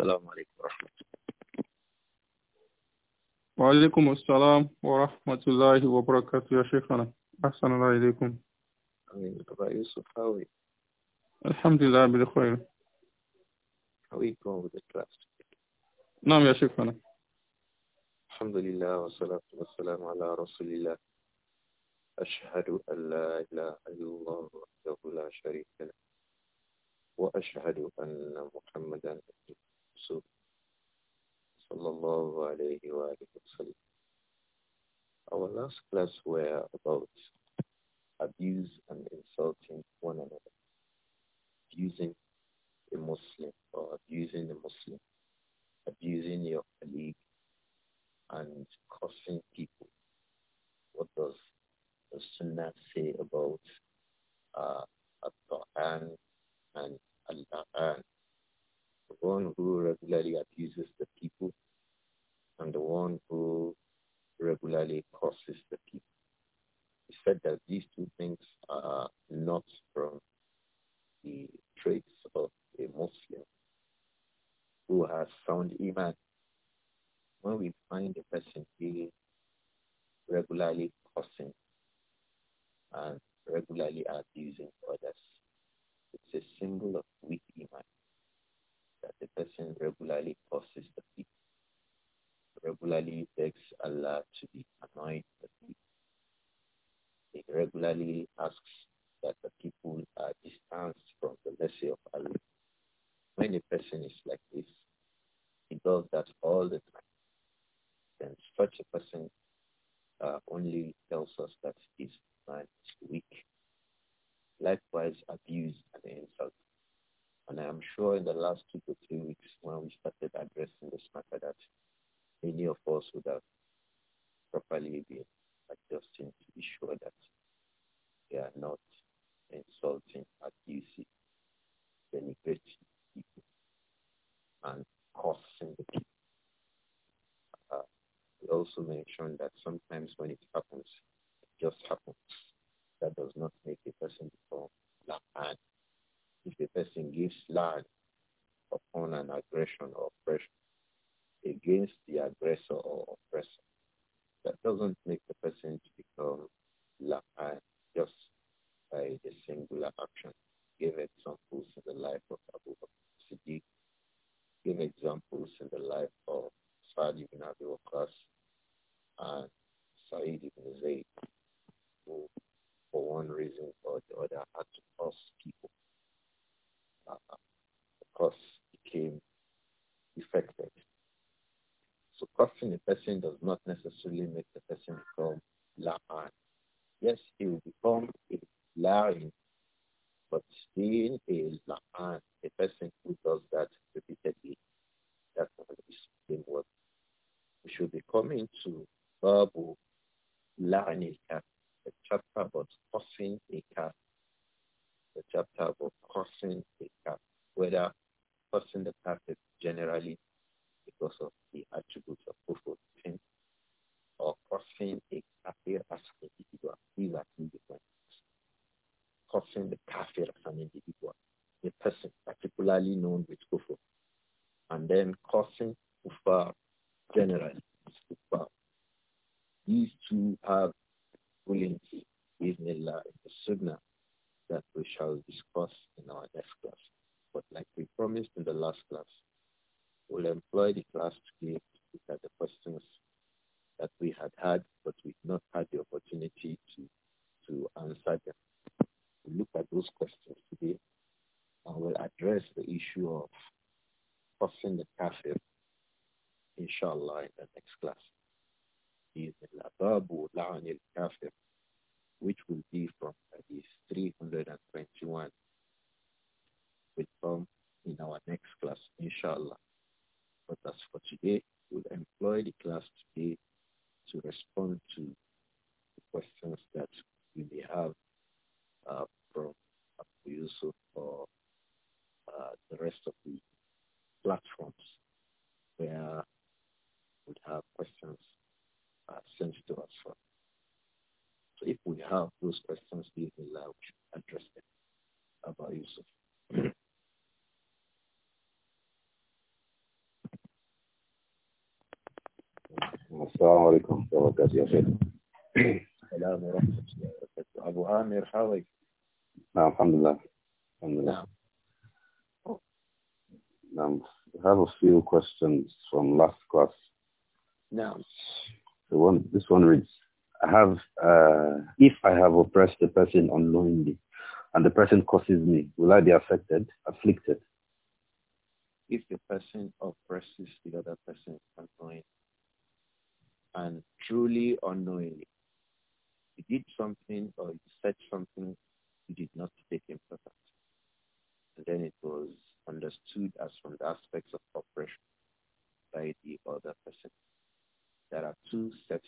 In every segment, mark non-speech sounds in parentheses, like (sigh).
السلام عليكم ورحمة الله وعليكم السلام ورحمة الله وبركاته يا شيخنا أحسن الله إليكم أمين يوسف هاوي الحمد لله بخير حويكم نعم يا شيخنا الحمد لله والصلاة والسلام على رسول الله أشهد أن لا إله إلا الله وحده لا شريك له وأشهد أن محمدا so. Sallallahu alayhi wa Our last class were about abuse and insulting one another. Abusing a Muslim or abusing a Muslim. Abusing your colleague and cursing people. What does the Sunnah say about uh, and al-La'an? the one who regularly abuses the people and the one who regularly curses the people. He said that these two things are not from the traits of a Muslim who has sound iman. When we find a person being regularly cursing and regularly abusing others, it's a symbol of weak iman that the person regularly curses the people, regularly begs Allah to be annoyed the feet. He regularly asks that the people are distanced from the mercy of Allah. When a person is like this, he does that all the time. Then such a person uh, only tells us that his mind is weak. Likewise, abused and insulted. And I'm sure in the last two to three weeks when we started addressing this matter that many of us would have properly been adjusting to be sure that they are not insulting, abusing, denigrating people and causing the people. Uh, we also mentioned that sometimes when it happens, it just happens. That does not make a person become lacking if a person gives land upon an aggression or oppression against the aggressor or oppressor, that doesn't make the person to become la'an just by a singular action. Give examples in the life of Abu Bakr Siddiq. Give examples in the life of Sa'd ibn Abi Waqas and Sa'id ibn Zayd, who for one reason or the other had to cross people uh, course, became affected. So crossing a person does not necessarily make the person become la'an. Yes, he will become a la'in, but being a la'an, a person who does that repeatedly, that is being what we should be coming to verbal learning a chapter about crossing a cat the chapter of cursing the cat, whether cursing the is generally because of the attributes of kufr sin or cursing a kafir as an individual. These are two different things. Cursing the kafir as an individual, a person particularly known with kufr, and then cursing kufar generally. Kufar. These two have rulings in the Sunnah that we shall discuss in our next class. But like we promised in the last class, we'll employ the class to give at the questions that we had had, but we've not had the opportunity to, to answer them. We'll look at those questions today and we'll address the issue of cursing the cafe. inshallah, in the next class which will be from Hadith 321, will come in our next class, inshallah. But as for today, we'll employ the class today to respond to the questions that we may have uh, from Abu Yusuf or uh, the rest of the platforms where we have questions uh, sent to us from. So if we have those questions, we will address them. About Yusuf. Assalamualaikum, عليكم وبركاته Abu Amir السلام ورحمة الله وبركاته have a few questions from last class نعم The one, this one reads have, uh, if I have oppressed a person unknowingly, and the person curses me, will I be affected, afflicted? If the person oppresses the other person unknowingly and truly unknowingly, you did something or you said something you did not take importance. And then it was understood as from the aspects of oppression by the other person. There are two sets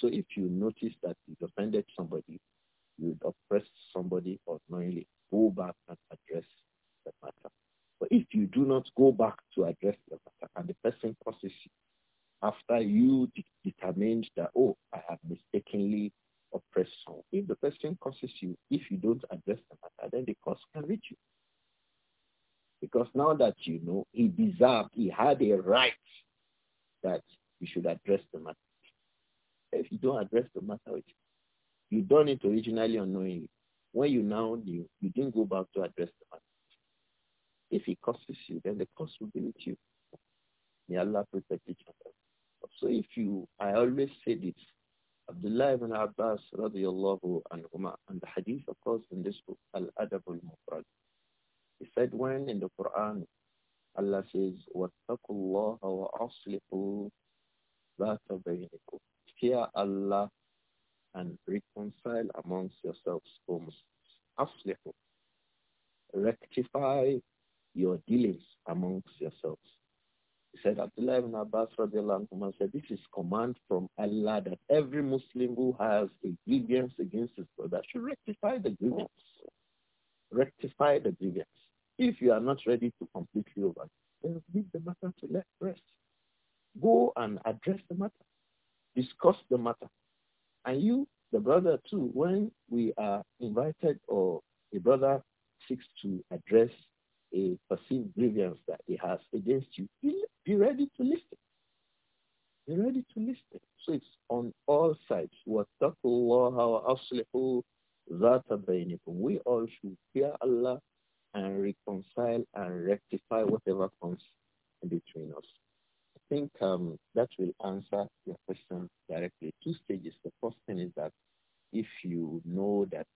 So if you notice that you've offended somebody, you've oppressed somebody unknowingly, go back and address the matter. But if you do not go back to address the matter and the person causes you, after you de determined that, oh, I have mistakenly oppressed someone, if the person causes you, if you don't address the matter, then the cause can reach you. Because now that you know, he deserved, he had a right done it originally unknowingly. When you now knew, you didn't go back to address the If he curses you, then the curse will be with you. May Allah protect each other. So if you, I always say this, Abdullah ibn Abbas radiallahu anhu, and the hadith of course in this book, Al-Adab al-Mufrad, he said when in the radiallahu said, this is command from Allah that every Muslim who has a grievance against his brother should rectify the grievance. Rectify the grievance. If you are not ready to completely over, then leave the matter to let rest. Go and address the matter. Discuss the matter. And you, the brother too, when we are invited or a brother seeks to address a perceived grievance that he has against you, be ready to listen. You're ready to listen. So it's on all sides. We all should fear Allah and reconcile and rectify whatever comes between us. I think um, that will answer your question directly. Two stages. The first thing is that if you know that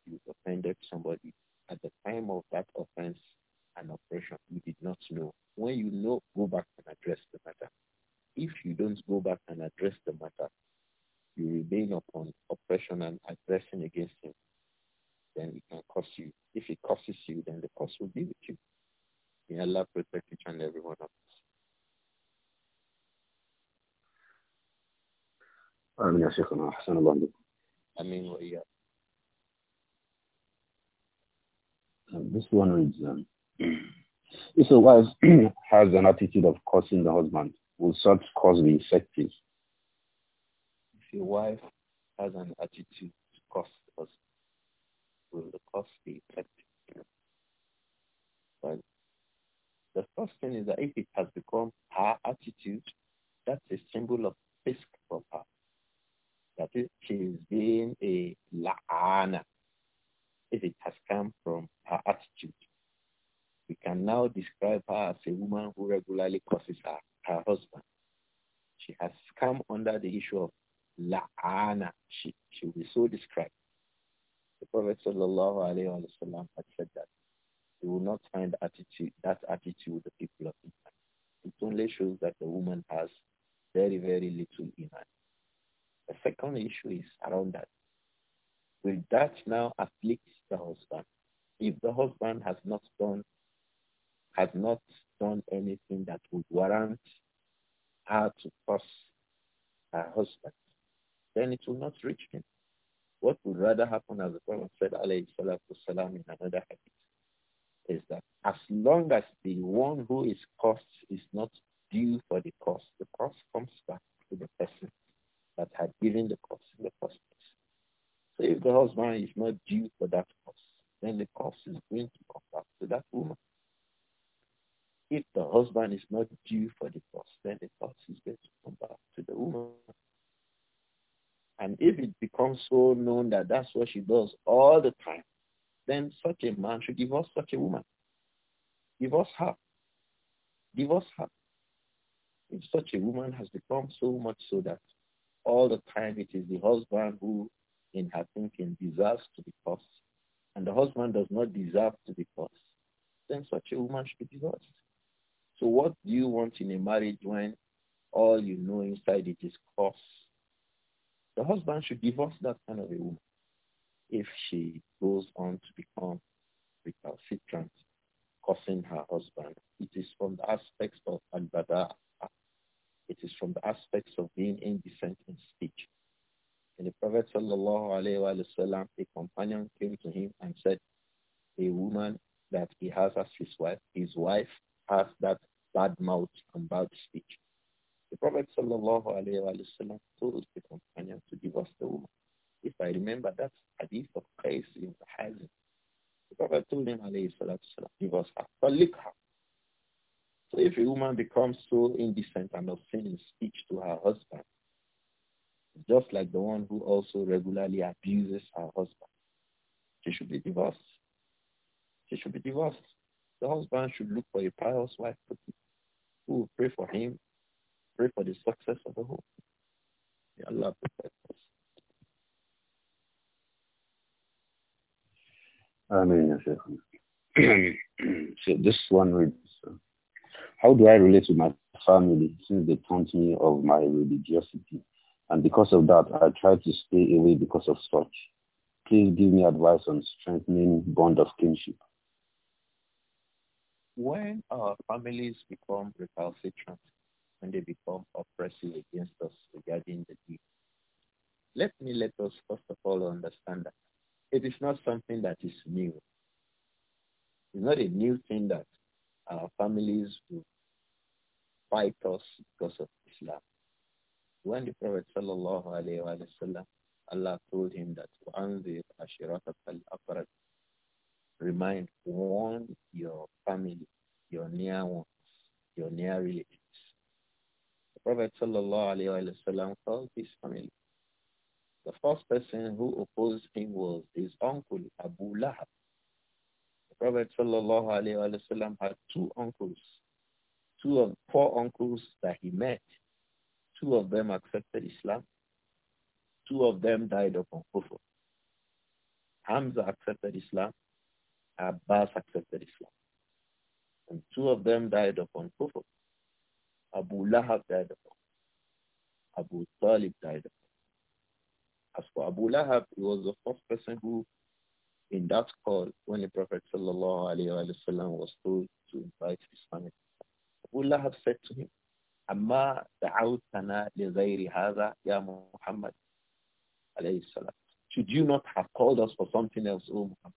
attitude of cursing the husband will start cause the effective long as the one who is caused is not due for the cost, the cost comes back to the person that had given the cost in the first place. So if the husband is not due for that cost, then the cost is going to come back to that woman. If the husband is not due for the cost, then the cost is going to come back to the woman. And if it becomes so known that that's what she does all the time, then such a man should divorce such a woman divorce her. Divorce her. If such a woman has become so much so that all the time it is the husband who, in her thinking, deserves to be cursed, and the husband does not deserve to be cursed, then such a woman should be divorced. So what do you want in a marriage when all you know inside it is cross? The husband should divorce that kind of a woman. Ameen. (clears throat) so this one reads, how do I relate to my family since they taunt me of my religiosity? And because of that, I try to stay away because of such. Please give me advice on strengthening bond of kinship. When our families become recalcitrant, when they become oppressive against us regarding the deep. let me let us first of all understand that it is not something that is new. It's not a new thing that our families will fight us because of Islam. When the Prophet sallallahu Allah told him that وَأَنذِرْ أَشِرَاتَكَ الْأَقْرَبِ Remind, warn your family, your near ones, your near relatives. The Prophet sallallahu alaihi wasallam called his family the first person who opposed him was his uncle, Abu Lahab. The Prophet wasallam had two uncles, two of four uncles that he met. Two of them accepted Islam. Two of them died upon kufr. Hamza accepted Islam. Abbas accepted Islam. And two of them died upon kufr. Abu Lahab died upon. Abu Talib died upon. As for Abu Lahab, he was the first person who, in that call, when the Prophet sallallahu alaihi wasallam was told to invite his family, Abu Lahab said to him, "Amma da'awtana li ghayri hadha ya Muhammad alayhi salam." Should you not have called us for something else, O Muhammad?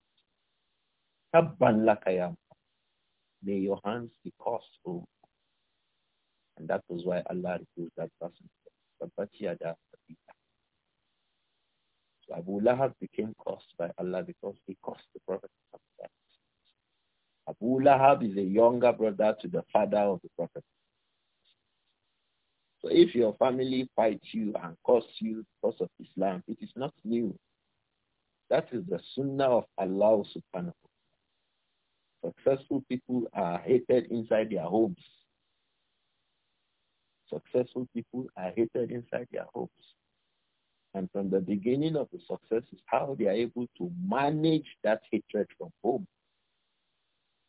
Tabban laka ya May your hands be cursed, O Muhammad. And that was why Allah refused that person. Tabbat yada Abu Lahab became cursed by Allah because he cursed the Prophet. Abu Lahab is a younger brother to the father of the Prophet. So if your family fights you and curse you because of Islam, it is not new. That is the sunnah of Allah subhanahu wa Successful people are hated inside their homes. Successful people are hated inside their homes. And from the beginning of the success is how they are able to manage that hatred from home.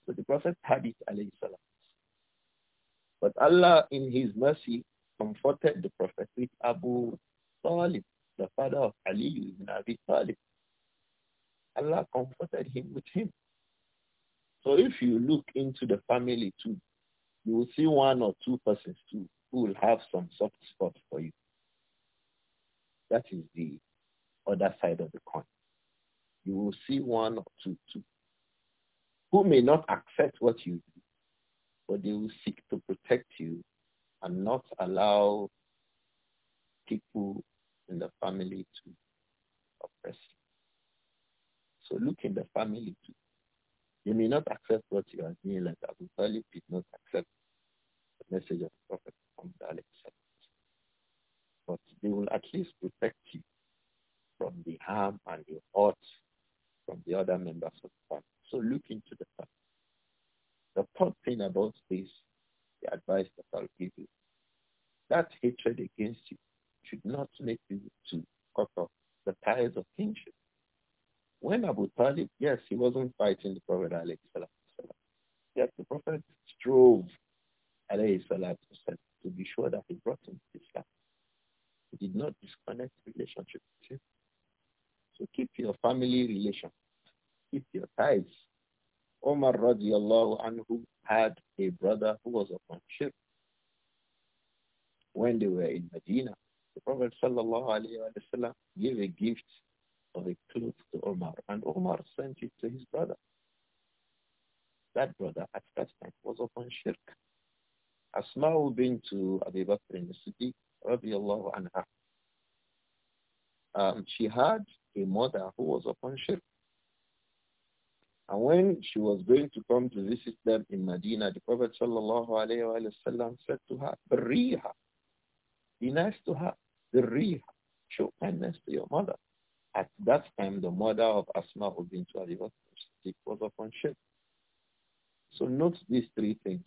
So the Prophet had it, alayhi salam. But Allah, in his mercy, comforted the Prophet with Abu Talib, the father of Ali ibn Abi Talib. Allah comforted him with him. So if you look into the family too, you will see one or two persons too who will have some soft spots for you. That is the other side of the coin. You will see one or two, two who may not accept what you do, but they will seek to protect you and not allow people in the family to oppress you. So look in the family too. They may not accept what you are doing, like Abu Talib did not accept the message of the Prophet Muhammad but they will at least protect you from the harm and the hurt from the other members of the family. So look into the family. The third thing about this, the advice that I'll give you, that hatred against you should not make you to cut off the ties of kinship. When Abu Talib, yes, he wasn't fighting the Prophet alayhi Yes, the Prophet strove alayhi salatu to be sure that he brought him to Islam did not disconnect relationship with you. So keep your family relation. Keep your ties. Omar radiallahu anhu had a brother who was upon shirk when they were in Medina. The Prophet sallallahu alayhi wa sallam gave a gift of a cloth to Omar and Omar sent it to his brother. That brother at that time was upon shirk. Asma to Abu Bakr the city radiallahu anha. Um, she had a mother who was upon ship. And when she was going to come to visit them in Medina, the Prophet sallallahu alayhi wa said to her, "Briha, Be nice to her. Briha, Show kindness to your mother. At that time, the mother of Asma bin Abi was upon ship. So note these three things.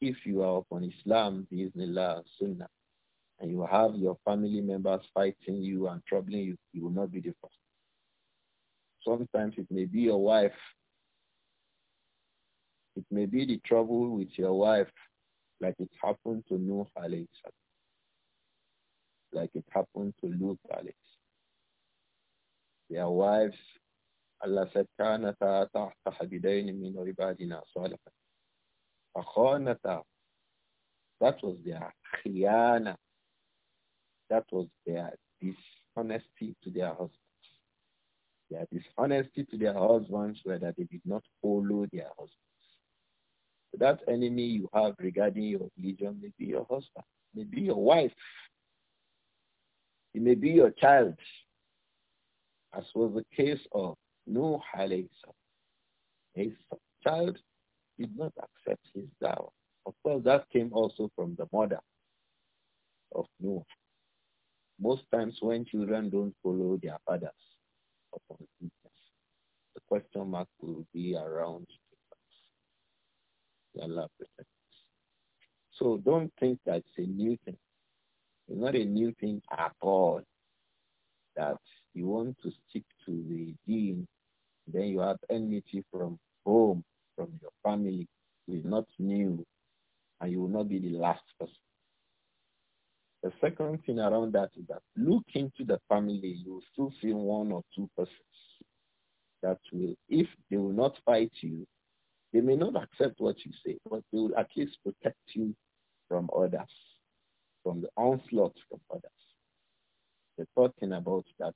If you are upon Islam, Bismillah, Sunnah, and you have your family members fighting you and troubling you, you will not be the first. Sometimes it may be your wife. It may be the trouble with your wife, like it happened to Nuh alayhi like it happened to Luke alayhi Their wives, Allah said, كَانَتَا تَحْتَ مِنْ عِبَادِنَا صَالِحًا That was their خيانة that was their dishonesty to their husbands. Their dishonesty to their husbands were that they did not follow their husbands. So that enemy you have regarding your religion may be your husband, may be your wife, it may be your child, as was the case of Nuh His child did not accept his dowry. Of course, that came also from the mother of Noah. Most times when children don't follow their fathers upon the question mark will be around Allah So don't think that's a new thing. It's not a new thing at all that you want to stick to the deen, then you have enmity from home, from your family, who is not new, and you will not be the last person. The second thing around that is that look into the family, you will still see one or two persons that will, if they will not fight you, they may not accept what you say, but they will at least protect you from others, from the onslaught from others. The third thing about that,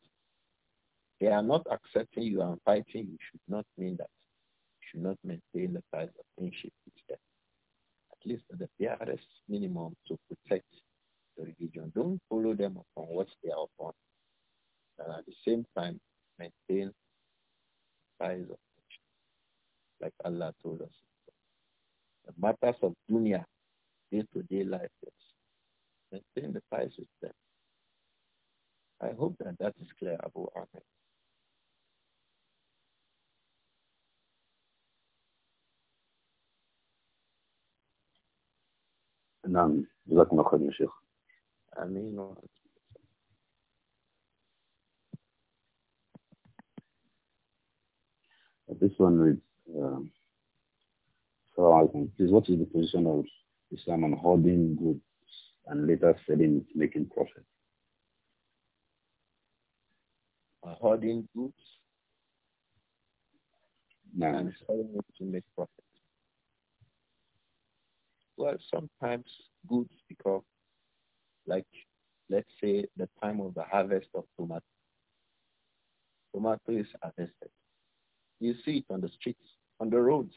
they are not accepting you and fighting you should not mean that you should not maintain the ties of friendship with them. At least at the barest minimum to protect religion. Don't follow them upon what they are upon. And at the same time, maintain ties of nature, like Allah told us. The matters of dunya, day-to-day life, yes. maintain the ties with them. I hope that that is clear, Abu Ahmed. نعم جزاكم الله خير يا شيخ I mean, This one reads, um, so please, what is the position of Islam on holding goods and later selling it, making profit? Holding hoarding goods no. and selling it to make profit. Well, sometimes goods become like let's say the time of the harvest of tomato. Tomato is harvested. You see it on the streets, on the roads.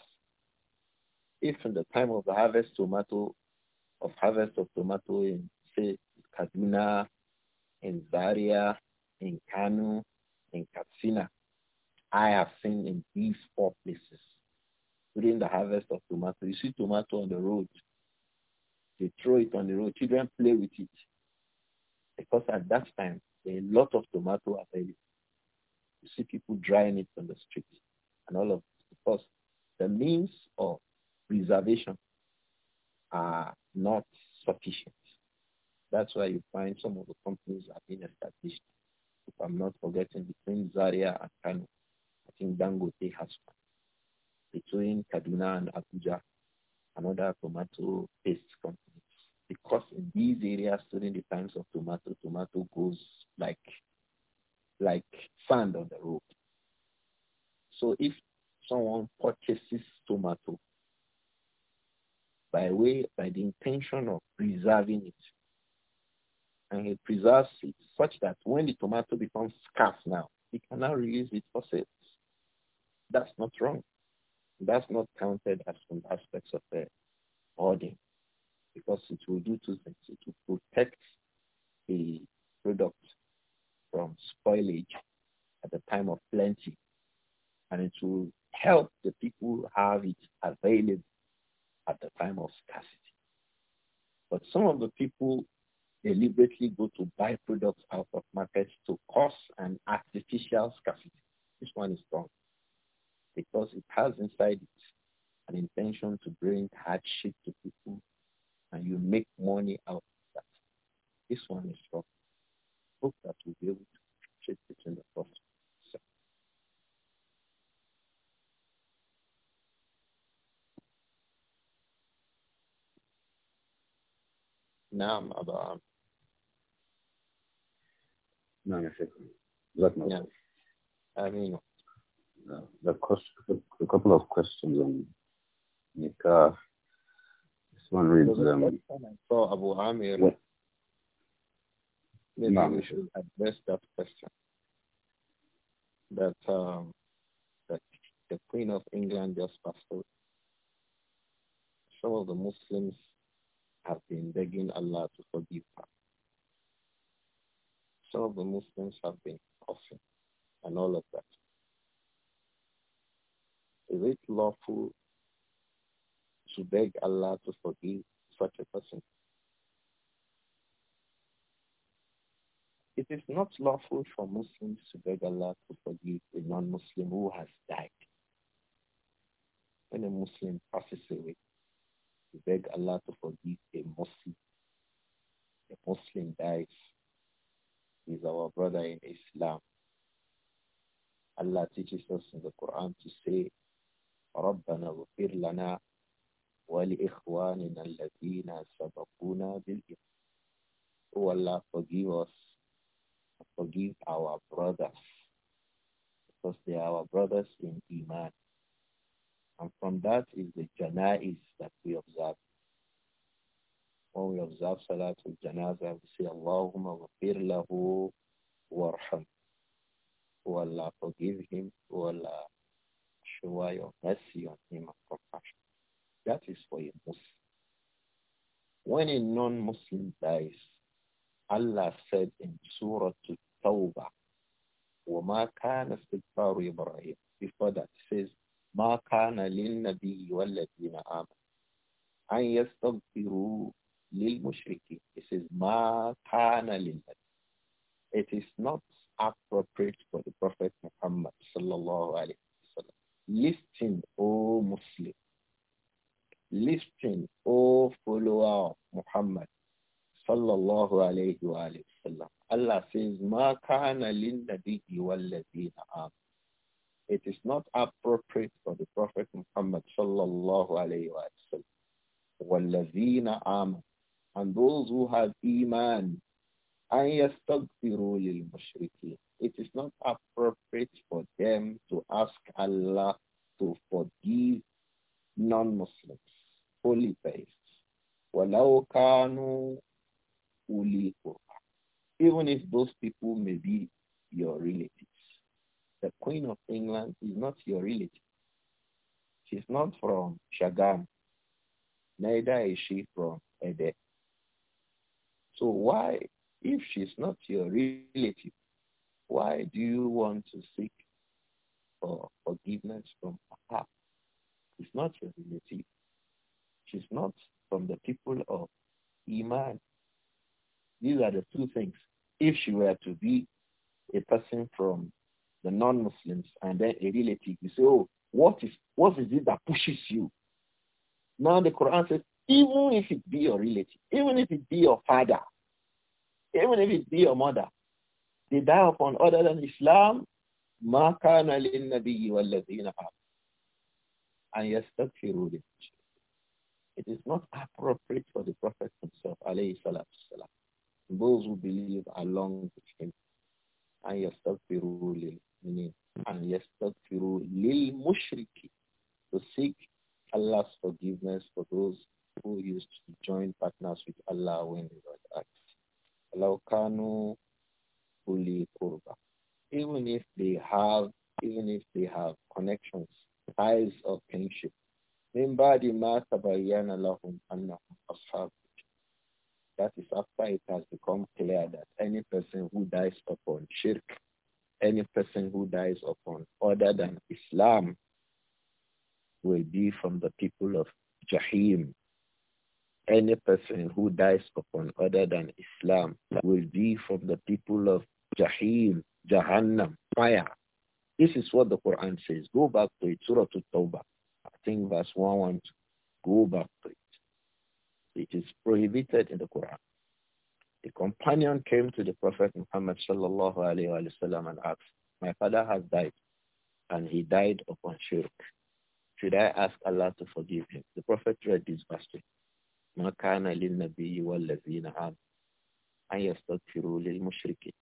If in the time of the harvest tomato, of harvest of tomato in say Kaduna, in Zaria, in Kanu, in Katsina, I have seen in these four places during the harvest of tomato. You see tomato on the roads they throw it on the road. Children play with it. Because at that time, a lot of tomato are there. You see people drying it on the street and all of this. Because the means of preservation are not sufficient. That's why you find some of the companies have been established. If I'm not forgetting, between Zaria and Kano, I think Dangote has one. Between Kaduna and Abuja, another tomato paste company. Because in these areas during the times of tomato, tomato goes like like sand on the road. So if someone purchases tomato by way by the intention of preserving it, and he preserves it such that when the tomato becomes scarce now, he cannot release it for sale. That's not wrong. That's not counted as some aspects of the ordering because it will do two things. It will protect the product from spoilage at the time of plenty and it will help the people have it available at the time of scarcity. But some of the people deliberately go to buy products out of markets to cause an artificial scarcity. This one is wrong because it has inside it an intention to bring hardship to people and you make money out of that. This one is from hope that we'll be able to differentiate between the both. So. نعم أبا عام نعم يا شيخ جزاكم a the, couple of questions on nikah. This one reads. So um, Abu Amir. What? Maybe we should address that question. That, um, that the Queen of England just passed away. Some of the Muslims have been begging Allah to forgive her. Some of the Muslims have been coughing and all of that. Is it lawful to beg Allah to forgive such a person? It is not lawful for Muslims to beg Allah to forgive a non-Muslim who has died. When a Muslim passes away, to beg Allah to forgive a Muslim. A Muslim dies. is our brother in Islam. Allah teaches us in the Quran to say, ربنا اغفر لنا ولإخواننا الذين سبقونا بالإيمان Oh Allah, forgive us. Forgive our brothers. Because they are our brothers in Iman. And from that is the janais that we observe. When we observe salat Salatul Janazah, we say, Allahumma ghafir lahu warham. Oh Allah, forgive him. Oh Allah, shower your mercy on him and compassion. That is for a Muslim. When a non-Muslim dies, Allah said in Surah Tawbah, وَمَا كَانَ اسْتِغْفَارُ إِبْرَاهِيمَ Before that, it says, مَا كَانَ لِلنَّبِيِّ وَالَّذِينَ آمَنُوا أَنْ يَسْتَغْفِرُوا لِلْمُشْرِكِينَ It says, مَا كَانَ لِلنَّبِيِّ It is not appropriate for the Prophet Muhammad sallallahu alayhi Listen, O Muslim. Listen, O follower of Muhammad. Sallallahu alayhi wa sallam. Allah says, Ma kana linnabiyyi walladina am. It is not appropriate for the Prophet Muhammad sallallahu alayhi wa sallam. Walladina am. And those who have iman. أن يستغفروا للمشركين it is not appropriate for them to ask Allah to forgive non-Muslims, holy faiths. Even if those people may be your relatives. The Queen of England is not your relative. She's not from Shagam. Neither is she from Ede. So why, if she's not your relative, why do you want to seek for forgiveness from her? It's not your relative. She's not from the people of Iman. These are the two things. If she were to be a person from the non-Muslims and then a relative, you say, oh, what is, what is it that pushes you? Now the Quran says, even if it be your relative, even if it be your father, even if it be your mother, other than Islam. it is not appropriate for the Prophet himself, alayhi salatu salam, those who believe along with him, and yastaghfiru and yastaghfiru lil mushriki, to seek Allah's forgiveness for those who used to join partners with Allah when they were at. لو even if they have, even if they have connections, ties of kinship. That is after it has become clear that any person who dies upon shirk, any person who dies upon other than Islam will be from the people of Jahim, any person who dies upon other than Islam will be from the people of Jahim, Jahannam, fire. This is what the Quran says. Go back to it, Surah At-Tawbah. I think verse 112. Go back to it. It is prohibited in the Quran. The companion came to the Prophet Muhammad sallallahu alayhi wa and asked, my father has died and he died upon shirk. Should I ask Allah to forgive him? The Prophet read this verse ما كان للنبي والذين آمنوا أن يستغفروا للمشركين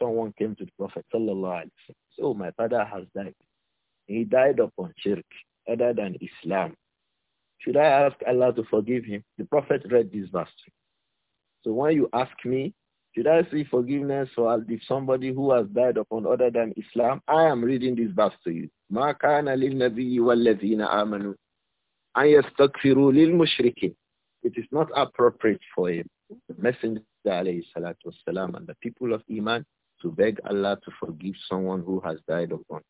someone came to the Prophet sallallahu alaihi wasallam. So my father has died. He died upon shirk other than Islam. Should I ask Allah to forgive him? The Prophet read this verse. So when you ask me, should I seek forgiveness for somebody who has died upon other than Islam? I am reading this verse to you. ما كان للنبي والذين آمنوا أن يستغفروا للمشركين. It is not appropriate for him. The Messenger والسلام, and the people of Iman to beg Allah to forgive someone who has died upon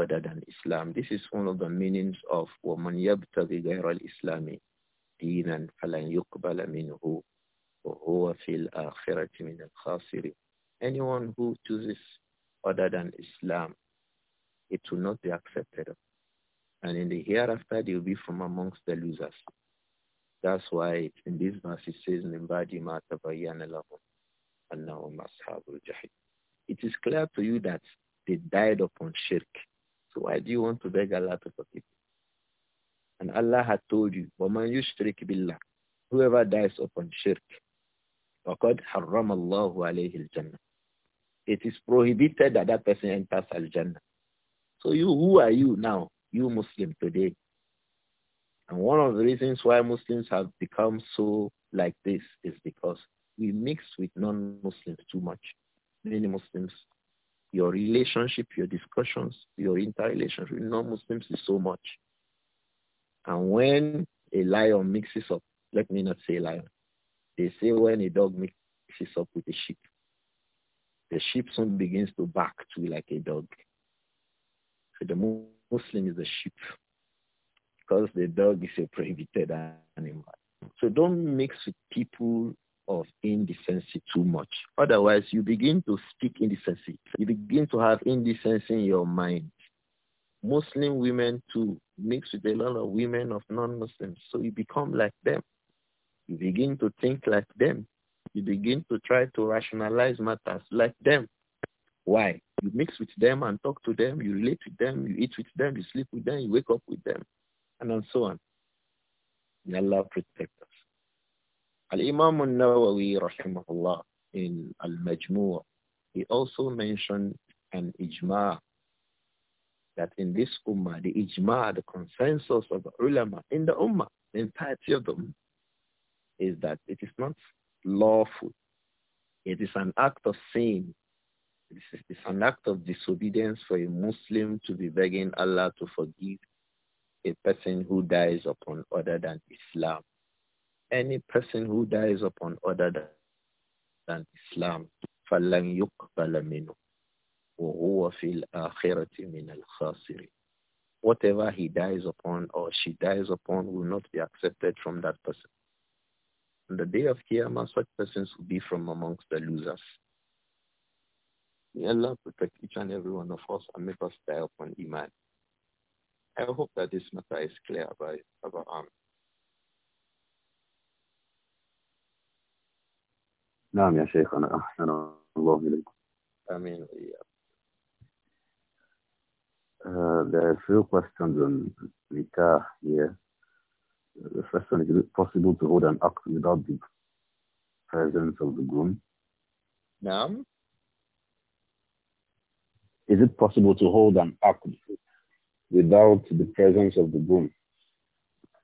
other than Islam. This is one of the meanings of وَمَنْ يَبْتَغِ غَيْرَ الْإِسْلَامِ دِينًا فَلَنْ يُقْبَلَ مِنْهُ وَهُوَ فِي الْآخِرَةِ مِنَ الْخَاسِرِينَ Anyone who chooses other than Islam, it will not be accepted. And in the hereafter, they will be from amongst the losers. That's why in this verse it says, مِنْ بَعْدِ مَا تَبَيَّنَ لَهُمْ أَنَّهُمْ أَصْحَابُ الْجَحِيمِ it is clear to you that they died upon shirk. So why do you want to beg Allah to forgive you? And Allah had told you, وَمَنْ يُشْرِكْ بِاللَّهِ Whoever dies upon shirk, فَقَدْ حَرَّمَ اللَّهُ عَلَيْهِ الْجَنَّةِ It is prohibited that that person enters Al-Jannah. So you, who are you now? You Muslim today. And one of the reasons why Muslims have become so like this is because we mix with non-Muslims too much. Many Muslims, your relationship, your discussions, your interrelationship with non-Muslims is so much. And when a lion mixes up, let me not say lion, they say when a dog mixes up with a sheep, the sheep soon begins to bark too like a dog. So the Muslim is a sheep because the dog is a prohibited animal. So don't mix with people of indecency too much. Otherwise, you begin to speak indecency. You begin to have indecency in your mind. Muslim women too mix with a lot of women of non-Muslims. So you become like them. You begin to think like them. You begin to try to rationalize matters like them. Why? You mix with them and talk to them. You relate with them. You eat with them. You sleep with them. You wake up with them. And so on. May Allah protect us. Al-Imam al-Nawawi rahimahullah in Al-Majmu' he also mentioned an ijma' that in this ummah, the ijma, the consensus of the ulama in the ummah, the entirety of them, is that it is not lawful. It is an act of sin. it's an act of disobedience for a Muslim to be begging Allah to forgive a person who dies upon other than Islam any person who dies upon other than Islam, فَلَنْ يُقْبَلَ مِنْهُ وَهُوَ فِي الْآخِرَةِ مِنَ الْخَاسِرِينَ Whatever he dies upon or she dies upon will not be accepted from that person. On the day of Qiyamah, such persons will be from amongst the losers. May Allah protect each and every one of us and make us die upon Iman. I hope that this matter is clear about, about Amen. نعم يا أحسن الله إليكم آمين uh, there are few questions on nikah here. The first one, is it possible to hold an act without the presence of the groom? Naam? Is it possible to hold an act without the presence of the groom?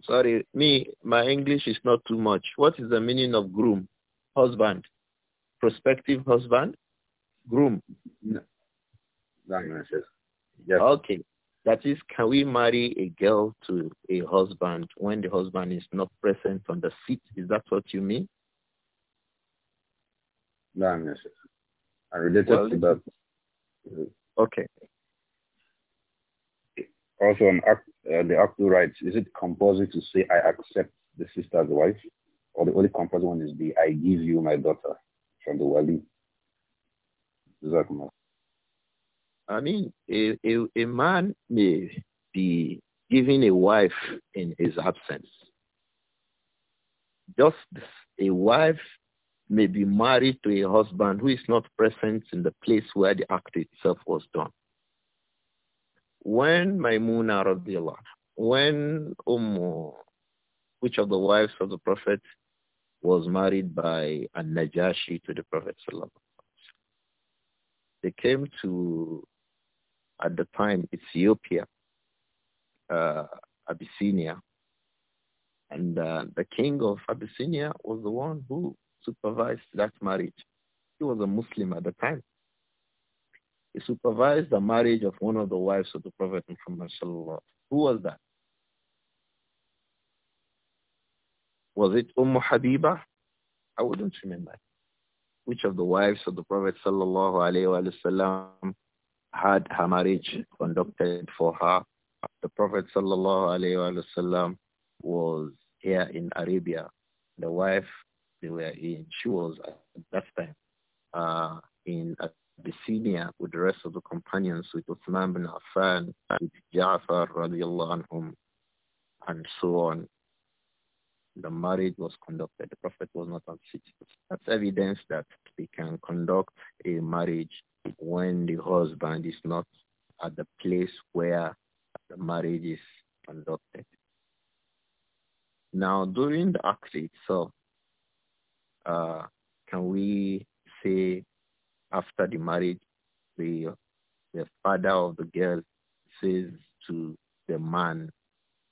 Sorry, me, my English is not too much. What is the meaning of groom? Husband prospective husband? Groom. No. Yes. Okay. That is, can we marry a girl to a husband when the husband is not present on the seat? Is that what you mean? No, I'm not sure. I related well, to that. Okay. Also, the act, uh, the is it compulsory to say I accept the sister's wife? Or the only compulsory one is the I give you my daughter? from the wali. I mean, a, a, a man may be giving a wife in his absence. Just a wife may be married to a husband who is not present in the place where the act itself was done. When Maimuna when Umm, which of the wives of the Prophet was married by a Najashi to the Prophet They came to, at the time, Ethiopia, uh, Abyssinia. And uh, the king of Abyssinia was the one who supervised that marriage. He was a Muslim at the time. He supervised the marriage of one of the wives of the Prophet Muhammad Who was that? Was it Umm Habiba? I wouldn't remember. Which of the wives of the Prophet sallallahu alaihi wasallam had her marriage conducted for her? The Prophet sallallahu alaihi wasallam was here in Arabia. The wife they were in, she was at that time uh, in Abyssinia with the rest of the companions, with Uthman bin Affan, with Ja'far radiallahu anhum, and so on the marriage was conducted. The Prophet was not unfit. That's evidence that we can conduct a marriage when the husband is not at the place where the marriage is conducted. Now, during the act itself, uh, can we say after the marriage, the, the father of the girl says to the man,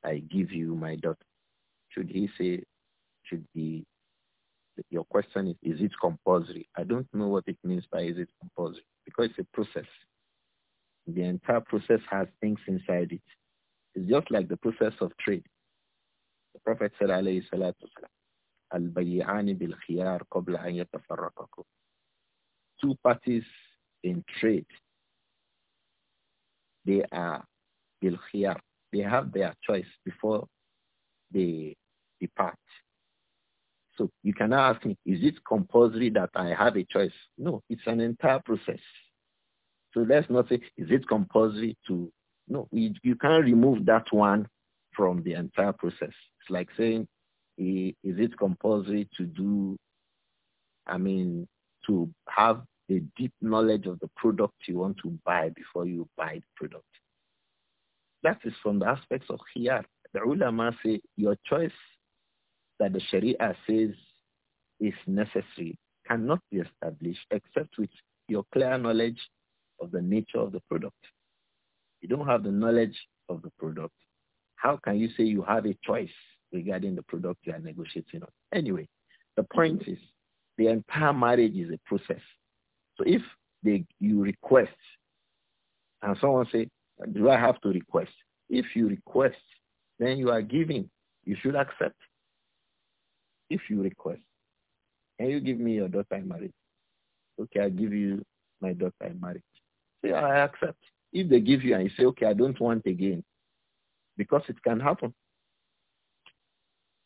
I give you my daughter. Should he say, should be, your question is, is it compulsory? I don't know what it means by is it compulsory because it's a process. The entire process has things inside it. It's just like the process of trade. The Prophet said, alayhi salatu al bil Two parties in trade, they are bil-khiyar. They have their choice before they depart. So you can ask me, is it compulsory that I have a choice? No, it's an entire process. So let's not say, is it compulsory to, no, you, you can't remove that one from the entire process. It's like saying, is it compulsory to do, I mean, to have a deep knowledge of the product you want to buy before you buy the product. That is from the aspects of here. The ulama say your choice that the Sharia says is necessary cannot be established except with your clear knowledge of the nature of the product. You don't have the knowledge of the product. How can you say you have a choice regarding the product you are negotiating on? Anyway, the point mm-hmm. is the entire marriage is a process. So if they, you request and someone say, do I have to request? If you request, then you are giving. You should accept if you request, can you give me your daughter in marriage? Okay, I'll give you my daughter in marriage. Say, I accept. If they give you and you say, okay, I don't want again, because it can happen.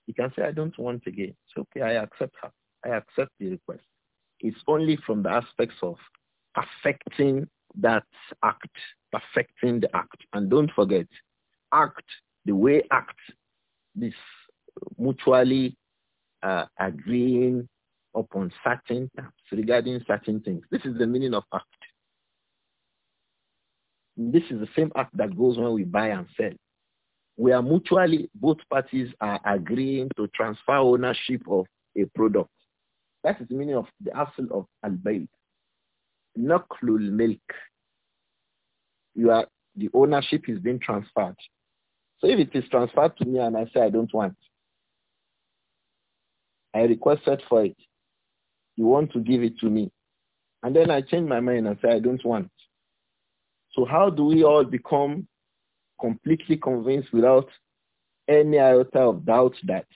You can say, I don't want again. It's okay, I accept her. I accept the request. It's only from the aspects of perfecting that act, perfecting the act. And don't forget, act the way act this mutually uh, agreeing upon certain terms regarding certain things. This is the meaning of act. This is the same act that goes when we buy and sell. We are mutually, both parties are agreeing to transfer ownership of a product. That is the meaning of the asl of al-bayt. Naklul milk. You are, the ownership is being transferred. So if it is transferred to me and I say I don't want, I requested for it. You want to give it to me. And then I change my mind and say, I don't want. So how do we all become completely convinced without any iota of doubt that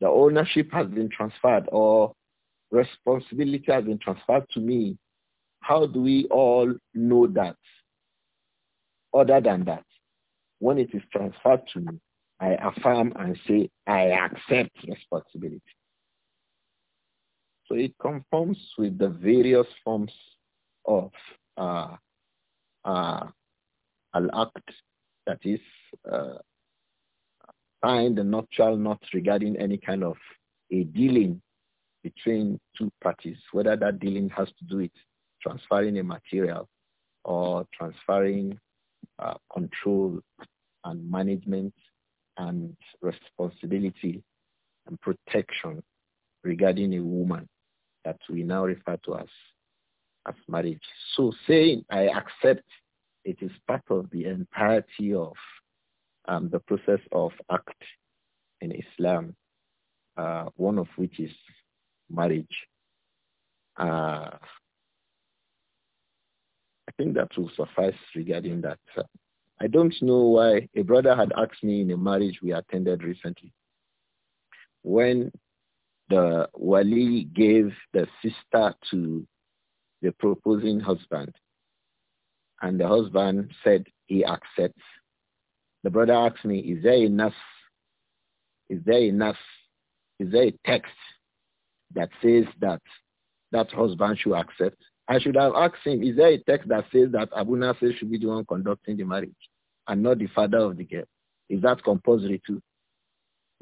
the ownership has been transferred or responsibility has been transferred to me? How do we all know that? Other than that, when it is transferred to me, I affirm and say, I accept responsibility. So it conforms with the various forms of uh, uh, is, uh, and not nuptial not regarding any kind of a dealing between two parties, whether that dealing has to do with transferring a material or transferring uh, control and management and responsibility and protection regarding a woman that we now refer to as, as marriage. So saying, I accept, it is part of the entirety of um, the process of act in Islam, uh, one of which is marriage. Uh, I think that will suffice regarding that. I don't know why a brother had asked me in a marriage we attended recently when the wali gave the sister to the proposing husband. And the husband said he accepts. The brother asked me, is there enough, is there enough, is there a text that says that that husband should accept? I should have asked him, is there a text that says that Abu Nasir should be the one conducting the marriage and not the father of the girl? Is that compulsory too?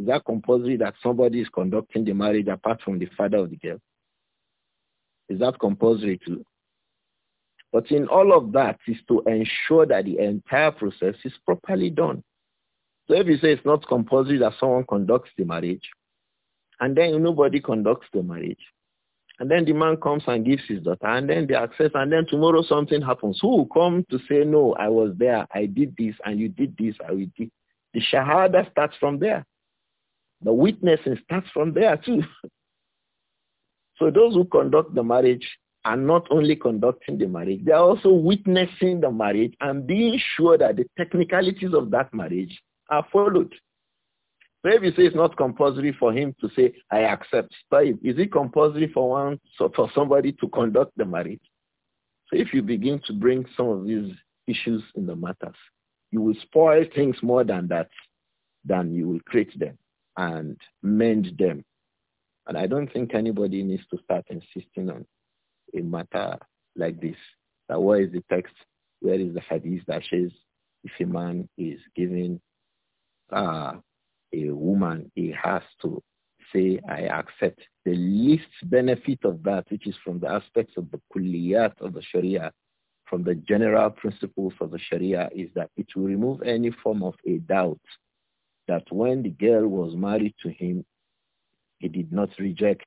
Is that compulsory that somebody is conducting the marriage apart from the father of the girl? Is that compulsory too? But in all of that is to ensure that the entire process is properly done. So if you say it's not compulsory that someone conducts the marriage, and then nobody conducts the marriage, and then the man comes and gives his daughter, and then they access, and then tomorrow something happens. Who will come to say, no, I was there, I did this, and you did this, I did. The shahada starts from there. The witnessing starts from there too. (laughs) so those who conduct the marriage are not only conducting the marriage, they are also witnessing the marriage and being sure that the technicalities of that marriage are followed. So if you say it's not compulsory for him to say, I accept, but is it compulsory for one so for somebody to conduct the marriage? So if you begin to bring some of these issues in the matters, you will spoil things more than that, than you will create them and mend them. And I don't think anybody needs to start insisting on a matter like this. That where is the text? Where is the hadith that says if a man is giving uh, a woman, he has to say, I accept the least benefit of that, which is from the aspects of the kulliyat of the Sharia, from the general principles of the Sharia, is that it will remove any form of a doubt that when the girl was married to him, he did not reject.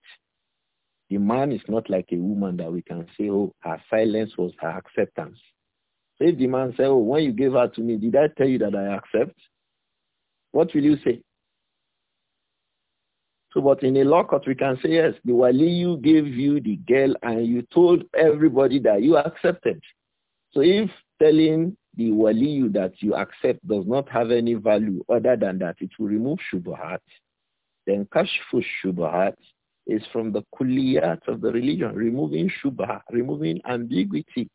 The man is not like a woman that we can say, oh, her silence was her acceptance. So if the man says, oh, when you gave her to me, did I tell you that I accept? What will you say? So, but in a law court, we can say, yes, the wali you gave you the girl and you told everybody that you accepted. So if telling the wali that you accept does not have any value other than that it will remove shubhat. then kashfu shubhat is from the kulliyat of the religion. Removing shubha, removing ambiguity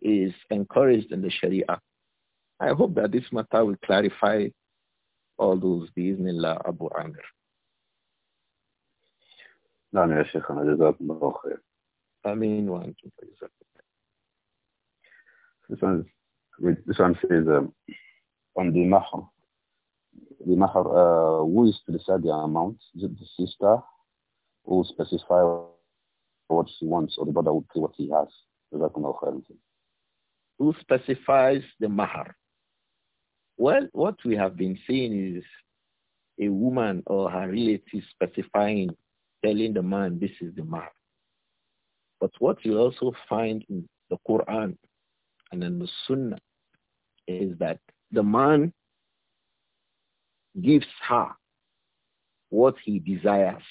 is encouraged in the sharia. I hope that this matter will clarify all those biiznillah Abu Amir. نعم يا شيخنا جزاكم الله خير. آمين وأنتم This one this one says um, on the mahr, the mahr, uh, who is to decide the amount? Is it the sister who will specify what she wants or the brother will pay what he has? Who specifies the mahr? Well, what we have been seeing is a woman or her relative specifying, telling the man, this is the mahar. But what you also find in the Quran and in the Sunnah is that the man gives her what he desires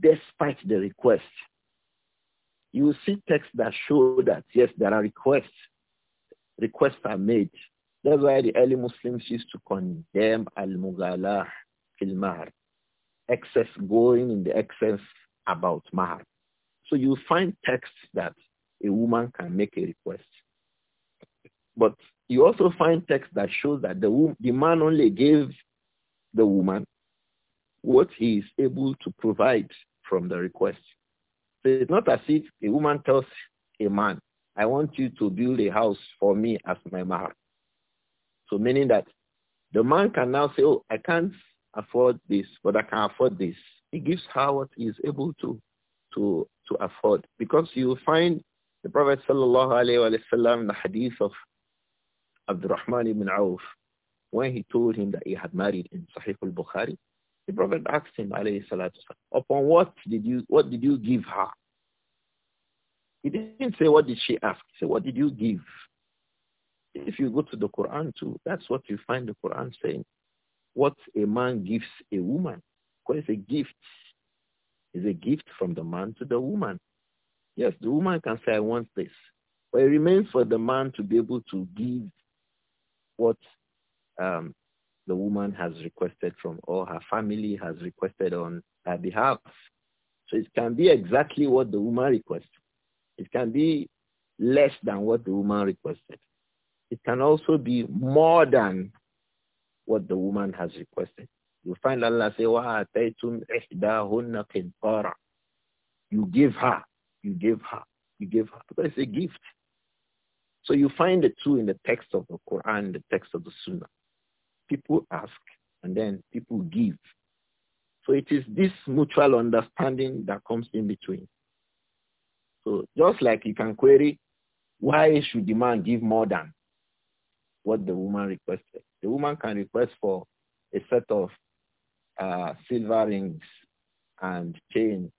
despite the request. You will see texts that show that, yes, there are requests. Requests are made. That's why the early Muslims used to condemn al-mughalah fil mahr, excess going in the excess about mahr. So you find texts that a woman can make a request. But you also find text that shows that the, the man only gave the woman what he is able to provide from the request. So it's not as if a woman tells a man, I want you to build a house for me as my mahar. So meaning that the man can now say, oh, I can't afford this, but I can afford this. He gives her what he is able to, to, to afford. Because you find the Prophet sallallahu alayhi wa sallam, the hadith of Abdurrahman ibn Auf, when he told him that he had married in Sahih al-Bukhari, the Prophet asked him, alayhi salatu upon what did you what did you give her? He didn't say what did she ask. He said, what did you give? If you go to the Quran too, that's what you find the Quran saying. What a man gives a woman, What is a gift, is a gift from the man to the woman. Yes, the woman can say, I want this. But it remains for the man to be able to give what um, the woman has requested from or her family has requested on her behalf. So it can be exactly what the woman requested. It can be less than what the woman requested. It can also be more than what the woman has requested. You find Allah say, وَآتَيْتُمْ You give her, you give her, you give her. Because it's a gift. So you find the two in the text of the Quran, the text of the Sunnah. People ask and then people give. So it is this mutual understanding that comes in between. So just like you can query, why should the man give more than what the woman requested? The woman can request for a set of uh, silver rings and chains.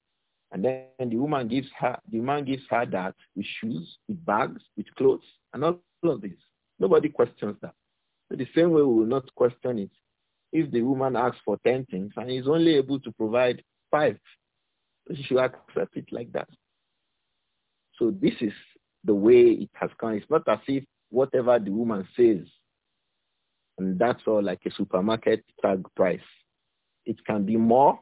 And then the woman gives her, the man gives her that with shoes, with bags, with clothes, and all of this. Nobody questions that. the same way we will not question it. If the woman asks for 10 things and is only able to provide five, she should accept it like that. So this is the way it has come. It's not as if whatever the woman says, and that's all like a supermarket tag price. It can be more,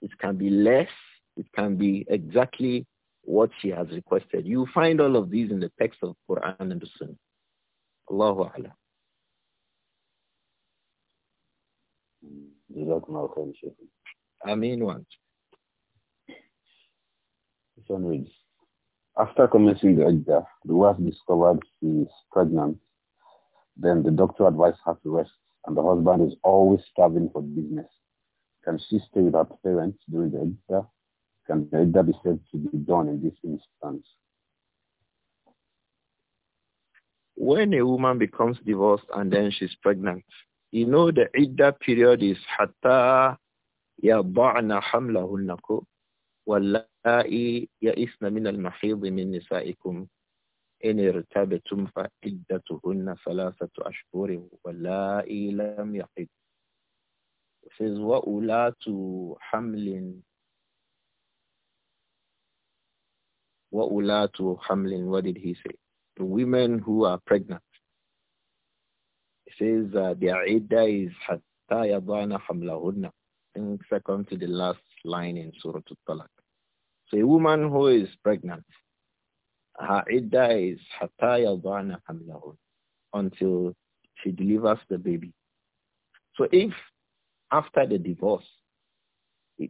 it can be less, it can be exactly what she has requested. You find all of these in the text of Quran and the Sunnah. Allahu A'lam. Ameen one after commencing the iddah, the wife discovered she is pregnant. Then the doctor advised her to rest, and the husband is always starving for business. Can she stay with her parents during the iddah can either uh, be said to be done in this instance? When a woman becomes divorced and then she's pregnant, you know the idda period is hatta yabana hamlahunnako واللائي يئسن من المحيض من نسائكم إن ارتبتم فعدتهن ثلاثة أشهر واللائي لم يحض says ulatu hamlin. to hamlin? What did he say? The women who are pregnant. He says uh, their idda is حَتَّى يَضَعْنَ حَمْلَهُنَّ Things come to the last line in Surah Al-Talaq. So a woman who is pregnant, her idda is حَتَّى hamla حَمْلَهُنَّ Until she delivers the baby. So if after the divorce,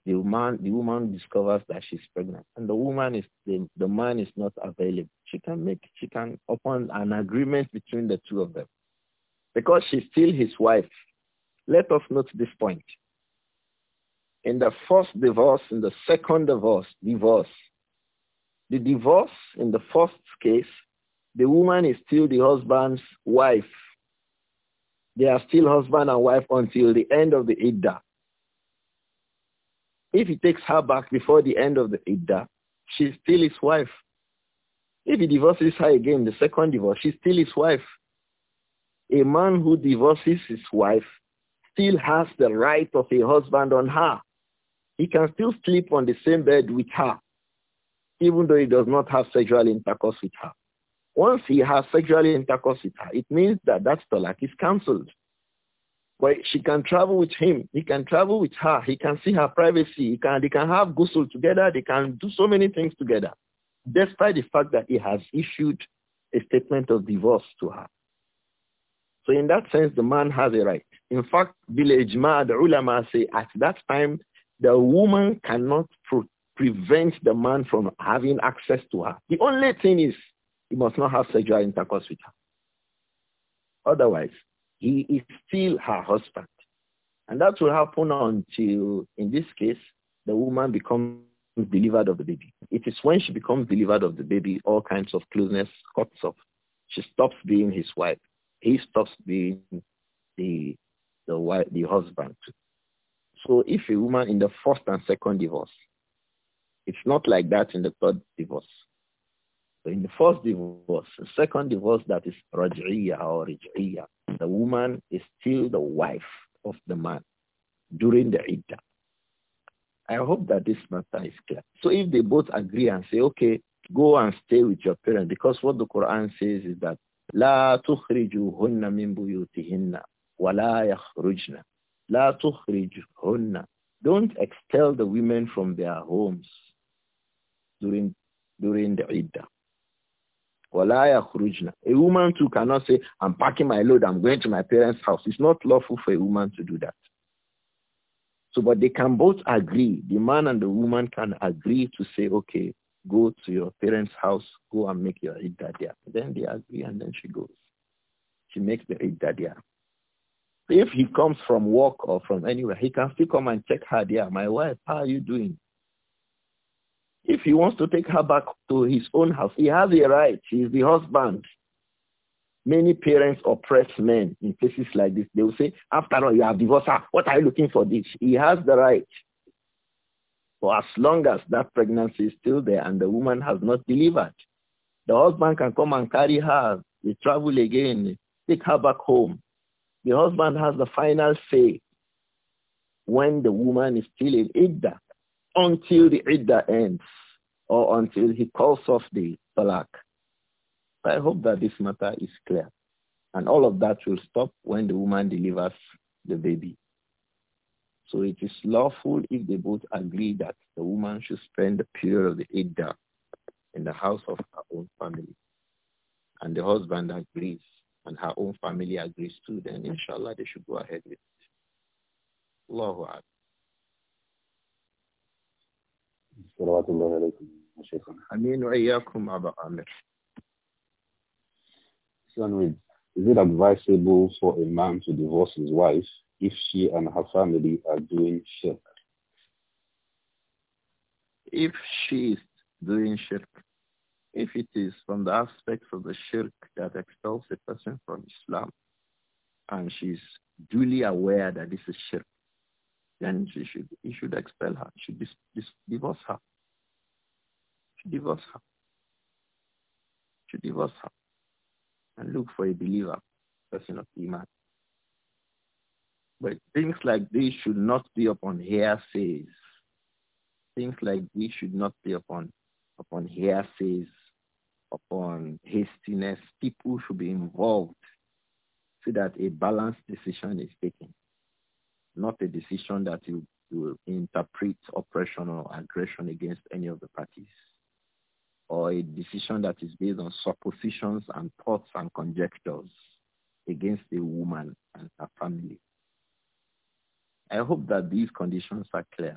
the man the woman discovers that she's pregnant and the woman is the, the man is not available she can make she can open an agreement between the two of them because she's still his wife let us note this point in the first divorce in the second divorce divorce the divorce in the first case the woman is still the husband's wife they are still husband and wife until the end of the iddah if he takes her back before the end of the Iddah, she's still his wife. If he divorces her again, the second divorce, she's still his wife. A man who divorces his wife still has the right of a husband on her. He can still sleep on the same bed with her, even though he does not have sexual intercourse with her. Once he has sexual intercourse with her, it means that that talak is cancelled. But she can travel with him. He can travel with her. He can see her privacy. He can, they can have ghusl together. They can do so many things together, despite the fact that he has issued a statement of divorce to her. So in that sense, the man has a right. In fact, village mad ulama say at that time, the woman cannot prevent the man from having access to her. The only thing is he must not have sexual intercourse with her. Otherwise, he is still her husband. And that will happen until, in this case, the woman becomes delivered of the baby. It is when she becomes delivered of the baby, all kinds of closeness cuts off. She stops being his wife. He stops being the, the, wife, the husband. So if a woman in the first and second divorce, it's not like that in the third divorce. So in the first divorce, the second divorce that is raj'iyah or rij'iyah, the woman is still the wife of the man during the iddah. I hope that this matter is clear. So if they both agree and say, okay, go and stay with your parents, because what the Quran says is that لا تخرجوهن من بيوتهن ولا يخرجن لا تخرجهن Don't expel the women from their homes during during the Iddah. A woman too cannot say, I'm packing my load, I'm going to my parents' house. It's not lawful for a woman to do that. So, but they can both agree. The man and the woman can agree to say, okay, go to your parents' house, go and make your iddah there. Then they agree and then she goes. She makes the iddah there. If he comes from work or from anywhere, he can still come and check her there. My wife, how are you doing? If he wants to take her back to his own house, he has a right. He is the husband. Many parents oppress men in places like this. They will say, after all, you have divorced her. Ah, what are you looking for this? He has the right. For as long as that pregnancy is still there and the woman has not delivered, the husband can come and carry her. They travel again, take her back home. The husband has the final say when the woman is still in Idda until the iddah ends or until he calls off the talak. I hope that this matter is clear. And all of that will stop when the woman delivers the baby. So it is lawful if they both agree that the woman should spend the period of the iddah in the house of her own family. And the husband agrees and her own family agrees too, then inshallah they should go ahead with it. Allahu Akbar. صلوات الله عليكم شيخنا امين واياكم ابا عامر is it advisable for a man to divorce his wife if she and her family are doing shirk? If she is doing shirk, if it is from the aspects of the shirk that expels a person from Islam, and she is duly aware that this is shirk, then she should he should expel her. She dis, dis, divorce her. should divorce her. She divorce her. And look for a believer, person of iman. But things like this should not be upon hearsays. Things like this should not be upon upon hearsays, upon hastiness. People should be involved so that a balanced decision is taken not a decision that you, you interpret oppression or aggression against any of the parties, or a decision that is based on suppositions and thoughts and conjectures against a woman and her family. I hope that these conditions are clear.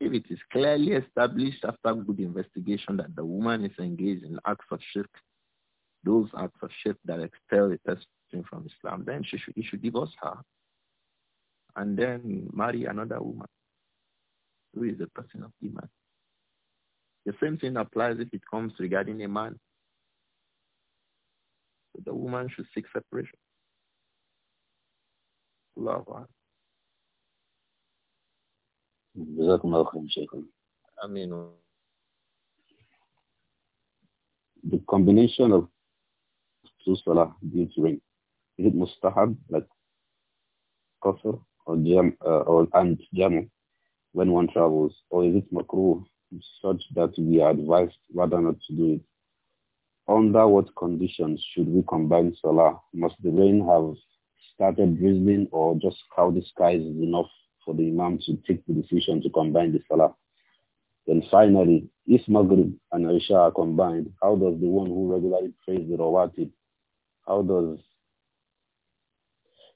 If it is clearly established after good investigation that the woman is engaged in acts of shirk, those acts of shirk that expel a person from Islam, then she should, he should divorce her and then marry another woman who is a person of Iman. The same thing applies if it comes regarding a man. the woman should seek separation. Love her. I mean, The combination of two salah due to rain, is it mustahab like qasr or jam uh, or and jam, when one travels, or is it makruh such that we are advised rather not to do it? Under what conditions should we combine solar? Must the rain have started drizzling or just cloudy skies is enough for the imam to take the decision to combine the salah? Then finally, if Maghrib and aisha are combined, how does the one who regularly prays the Rawatib, how does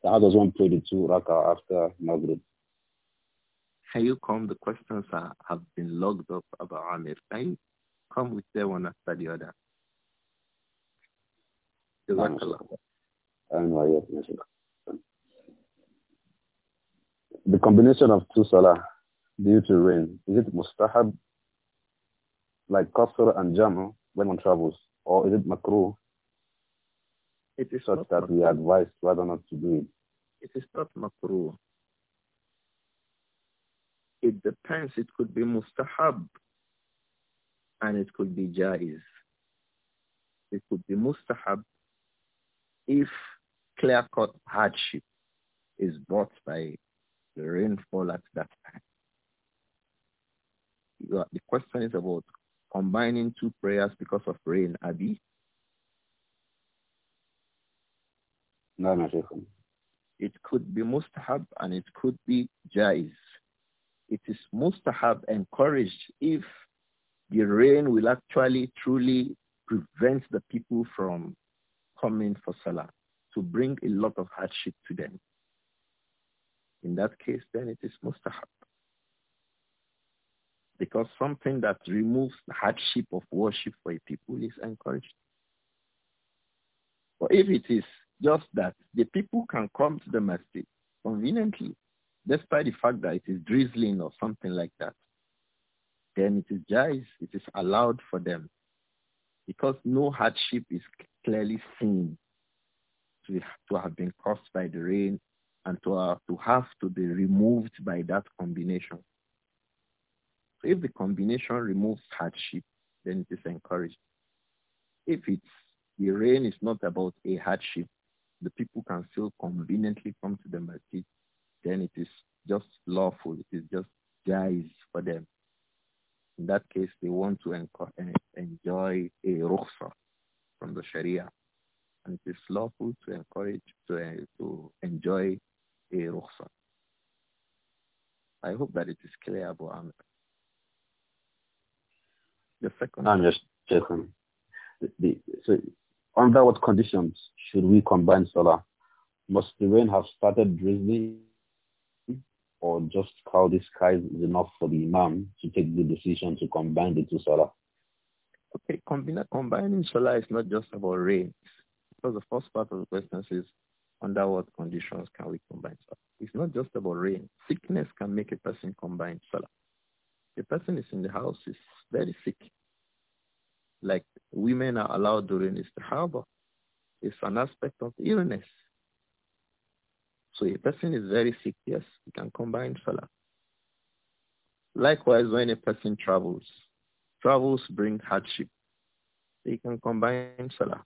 so how does one pray the two rak'ah after Maghrib? Can you come? The questions are, have been logged up about Amir. Can you come with them one after the other? The combination of two salah due to rain, is it mustahab like qasr and jamu when one travels? Or is it makruh it is such that we advise rather not to do it. It is not makruh. It depends. It could be mustahab and it could be jaiz. It could be mustahab if clear-cut hardship is brought by the rainfall at that time. the question is about combining two prayers because of rain, Abi, it could be mustahab and it could be jais. It is mustahab encouraged if the rain will actually truly prevent the people from coming for salah to bring a lot of hardship to them. In that case, then it is mustahab. Because something that removes the hardship of worship for a people is encouraged. But if it is just that the people can come to the masjid conveniently, despite the fact that it is drizzling or something like that. Then it is just it is allowed for them because no hardship is clearly seen to, to have been caused by the rain and to, uh, to have to be removed by that combination. So if the combination removes hardship, then it is encouraged. If it's the rain is not about a hardship, the people can still conveniently come to the masjid, then it is just lawful. It is just jais for them. In that case, they want to enjoy a rukhsah from the Sharia. And it is lawful to encourage, to, eh, to enjoy a rukhsah. I hope that it is clear, Abu Amr. The second... I'm just checking. The, the, so under what conditions should we combine solar? Must the rain have started drizzling or just cloudy skies is enough for the imam to take the decision to combine the two solar? Okay, combining, combining is not just about rain. Because the first part of the question is, under what conditions can we combine solar? It's not just about rain. Sickness can make a person combine solar. The person is in the house, is very sick like women are allowed during istihaba. It's an aspect of illness. So a person is very sick, yes, you can combine salah. Likewise, when a person travels, travels bring hardship. They can combine salah.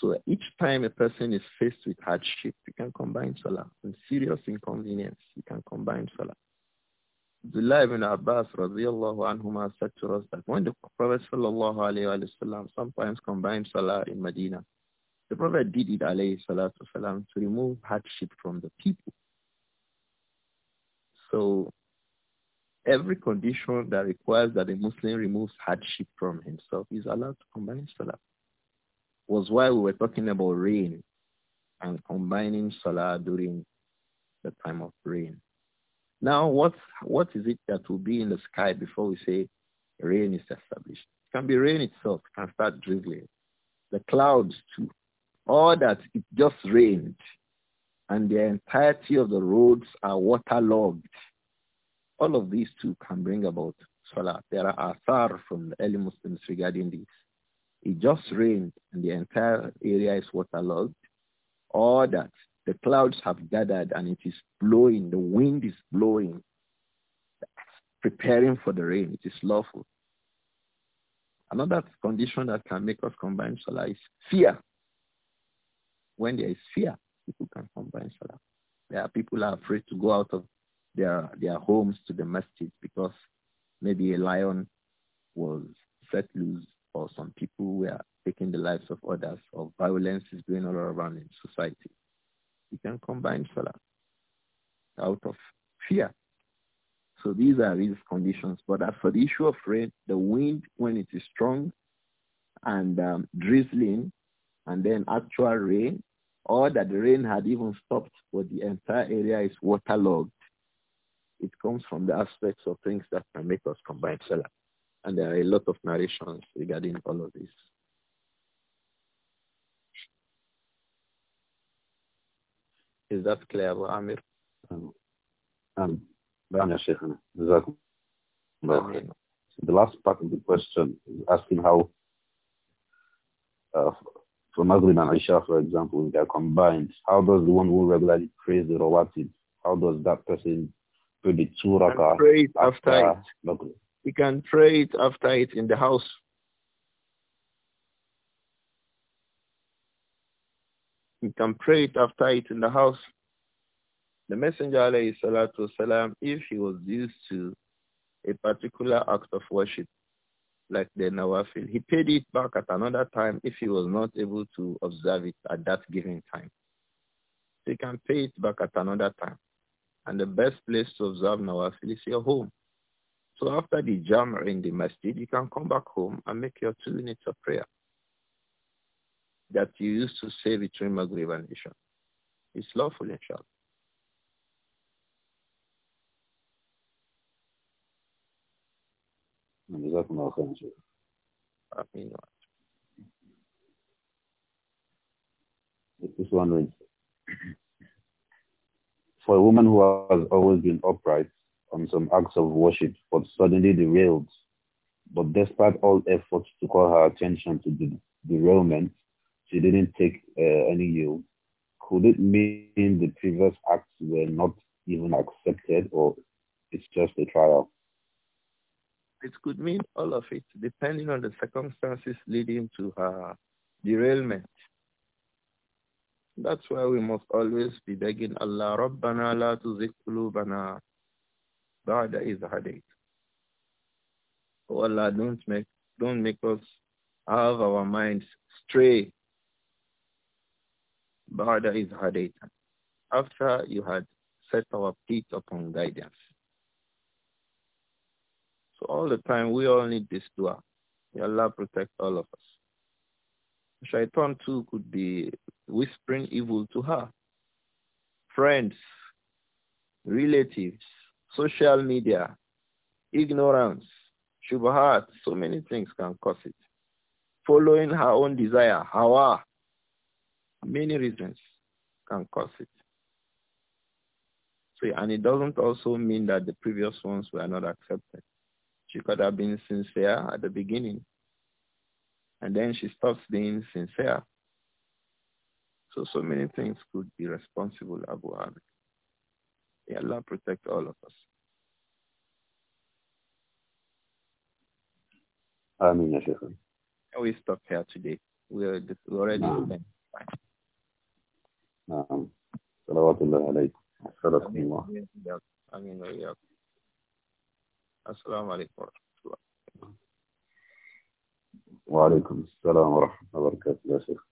So each time a person is faced with hardship, you can combine salah. And serious inconvenience, you can combine salah. Abdullah ibn Abbas radiallahu anhuma said to us that when the Prophet sallallahu alayhi wa sometimes combined salah in Medina, the Prophet did it alayhi salatu salam to remove hardship from the people. So every condition that requires that a Muslim removes hardship from himself is allowed to combine salah. Was why we were talking about rain and combining salah during the time of rain. Now, what, what is it that will be in the sky before we say rain is established? It can be rain itself. It can start drizzling. The clouds too. Or that it just rained and the entirety of the roads are waterlogged. All of these too can bring about salah. There are athar from the early Muslims regarding this. It just rained and the entire area is waterlogged. Or that the clouds have gathered and it is blowing. The wind is blowing, preparing for the rain. It is lawful. Another condition that can make us combine salah is fear. When there is fear, people can combine salah. There are people are afraid to go out of their their homes to the masjid because maybe a lion was set loose or some people were taking the lives of others or violence is going all around in society can combine salah out of fear. So these are these conditions. But as for the issue of rain, the wind when it is strong and um, drizzling and then actual rain, or that the rain had even stopped but the entire area is waterlogged, it comes from the aspects of things that can make us combine salah. And there are a lot of narrations regarding all of this. That's that clear, Abu Amir? Um, um, the last part of the question is asking how uh, for Maghrib and Isha, for example, if they are combined, how does the one who regularly prays the Rawatib, how does that person pray the two rakah after, after it? Maghrib? He can pray it after it in the house. You can pray it after it in the house. The Messenger, alayhi salatu wasalam, if he was used to a particular act of worship, like the Nawafil, he paid it back at another time if he was not able to observe it at that given time. So you can pay it back at another time. And the best place to observe Nawafil is your home. So after the jam in the masjid, you can come back home and make your two minutes of prayer that you used to say between Maghrib and Isha. It's lawful, inshallah. جزاكم This one For a woman who has always been upright on some acts of worship, but suddenly derailed, but despite all efforts to call her attention to the derailment, she didn't take uh, any yield, could it mean the previous acts were not even accepted or it's just a trial? It could mean all of it, depending on the circumstances leading to her derailment. That's why we must always be begging Allah, رَبَّنَا لَا تُزِكْ قُلُوبَنَا بَعْدَ إِذْ هَدَيْتَ Oh Allah, don't make, don't make us have our minds stray بعد is هديت after you had set our feet upon guidance. So all the time we all need this dua. May Allah protect all of us. Shaitan too could be whispering evil to her. Friends, relatives, social media, ignorance, shubhat, so many things can cause it. Following her own desire, hawa, Many reasons can cause it. See, and it doesn't also mean that the previous ones were not accepted. She could have been sincere at the beginning, and then she stops being sincere. So, so many things could be responsible, Abu Hamid. May Allah protect all of us. I mean, We stop here today. We are already no. نعم صلوات الله عليك أسألكم الله آمين وإياكم السلام عليكم ورحمة الله وعليكم السلام ورحمة الله وبركاته يا شيخ